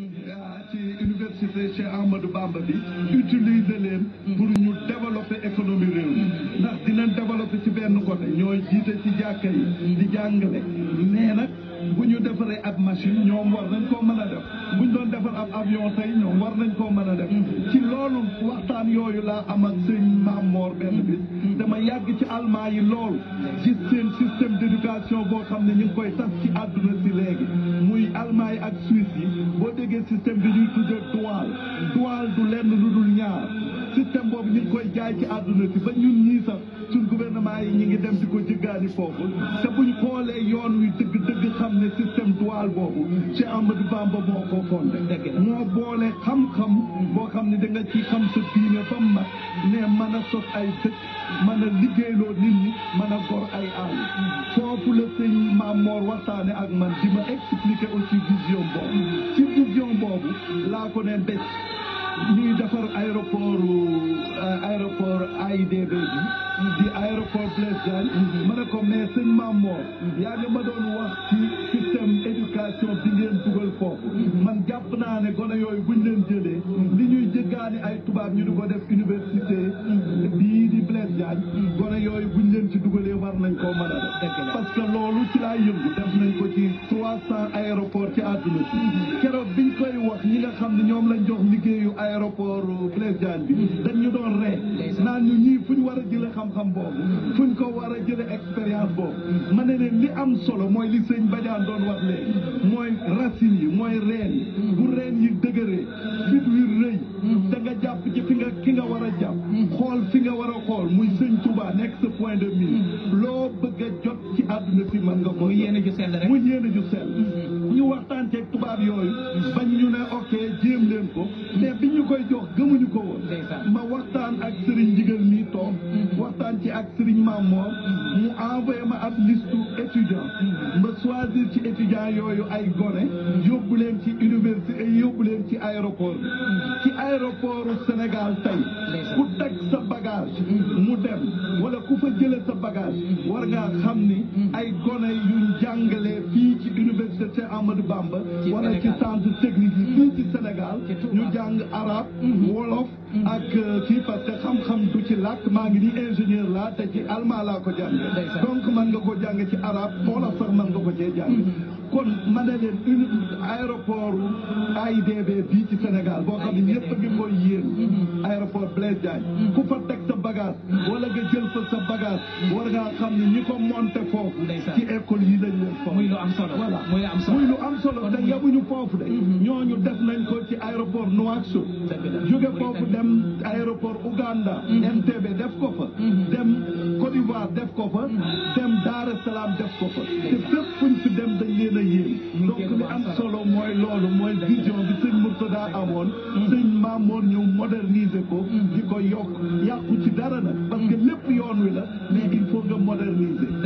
Euh, ci université Cheikh Ahmadou Bamba bi utiliser leen pour ñu développer économie réew mi ndax dinañ développer ci benn côté ñooy jiite ci jàkka yi di jàngale nee nag bu ñu defaree ab machine ñoom war nañ koo mën a def bu ñu doon defar ab avion tey ñoom war nañ koo mën a def ci loolu waxtaan yooyu laa am ak sëñ Maam Moor benn bis dama yàgg ci almaa yi loolu gis seen système d'éducation boo xam ne ñu ngi koy tas ci àdduna si léegi I ak Suisse yi boo déggee système bi ñuy tuddee dual dual du lenn lu dul ñaar système boobu ñu ngi koy jaay ci àdduna si ba ñun ñii sax suñ gouvernement yi ñu ngi dem di ko jëggaani foofu te buñ xoolee yoon wi dëgg dëgg xam ne système dual boobu Cheikh Amadou Bamba moo ko fondé moo boole xam-xam boo xam ne da nga ciy xam sa diine ba mu ne mën a sos ay dëkk mën a liggéeyloo nit ñi mën a gor ay àll foofu la sëñ am moor waxtaane ak man di ma expliquer aussi vision boobu ci vision boobu laa ko ne bés ñuy defar aéroport euh, aéroport AIBD bi di aéroport Blaise Diagne mm-hmm. ma ne ko mais sëñ Mame mm-hmm. yaa ngi ma doon wax ci système éducation bi ngeen dugal foofu mm-hmm. man jàpp naa ne gone yooyu buñ leen jëlee li ñuy jëggaani ay tubaab ñu di ko def université bii di Blaise gone yooyu nañ koo mën a parce que loolu ci laa yëngu def nañ ko ci trois cent aéroport ci àdduna si bi biñ koy wax ñi nga xam ne ñoom lañ jox liggéeyu aéroport Blaise bi dañ ñu doon ree naan ñu ñii fu ñu war a jële xam-xam boobu fu ñu ko war a jële expérience boobu ma ne leen li am solo mooy li sëñ Badiane doon wax léegi mooy racine yi mooy reen yi bu reen yi dëgëree fit wi rëy mm-hmm. da jàpp ci fi ki nga war a jàpp mm-hmm. xool fi nga war a xool muy sëñ Touba nekk sa point de mire mm-hmm. ne fi mën o muy yéene ju sell rek muy yéene ju sell mm-hmm. ñu waxtaan mm-hmm. ok jéem leen ko mm-hmm. mais bi ñu koy jox gëmuñu ko woon ma waxtaan ak sëriñ ndigal mii toog waxtaan ci ak sëriñ maam moom mu envoyé ma ab liste étudiant ma choisir ci étudiant yooyu ay gone que leen ci université yóbbu leen ci aéroport ci aéroport Sénégal tey ku teg sa wala ku fa jëlee sa bagage war ngaa xam ni ay gone yuñ jàngalee fii ci université Amadou Bamba wala ci centre technique yi fii ci Sénégal ñu jàng arabe mhm. wolof mhm. ak kii euh, parce que xam-xam du ci làkk maa ngi ni ingénieur laa te ci allemand laa ko jàng donc man nga ko jàng ci arabe wolof sax man nga ko cee jàng mhm. kon ma leen une aéroport AIBD bii ci Sénégal boo xam ne ñëpp ngi koy yéen aéroport Blaise Diagne ku fa teg sa bagage wala nga jël sa sa bagage war xam ñi ko monté foofu ci école yi lañ leen muy lu am solo voilà muy am solo muy lu am solo foofu de mhm. def nañ ko ci aéroport Nouakchott jóge foofu dem aéroport MTB mhm. def ko fa mhm. dem Côte d'Ivoire def ko fa dem Dar es Salaam def ko fa fépp fuñ dem dañ yéen donc am solo vision bi la daa amoon sëñ Maamoor ñëw moderniser ko mm. di ko yokk yàqu ci dara nag parce que mm. lépp yoon wi la mais il faut nga